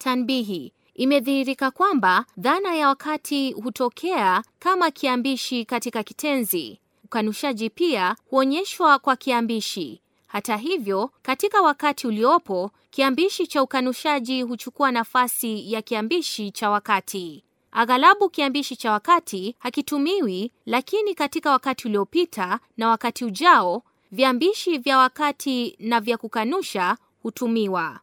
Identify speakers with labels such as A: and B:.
A: Tanbihi. Imedhihirika kwamba dhana ya wakati hutokea kama kiambishi katika kitenzi. Ukanushaji pia huonyeshwa kwa kiambishi. Hata hivyo, katika wakati uliopo, kiambishi cha ukanushaji huchukua nafasi ya kiambishi cha wakati. Aghalabu kiambishi cha wakati hakitumiwi, lakini katika wakati uliopita na wakati ujao, viambishi vya wakati na vya kukanusha hutumiwa.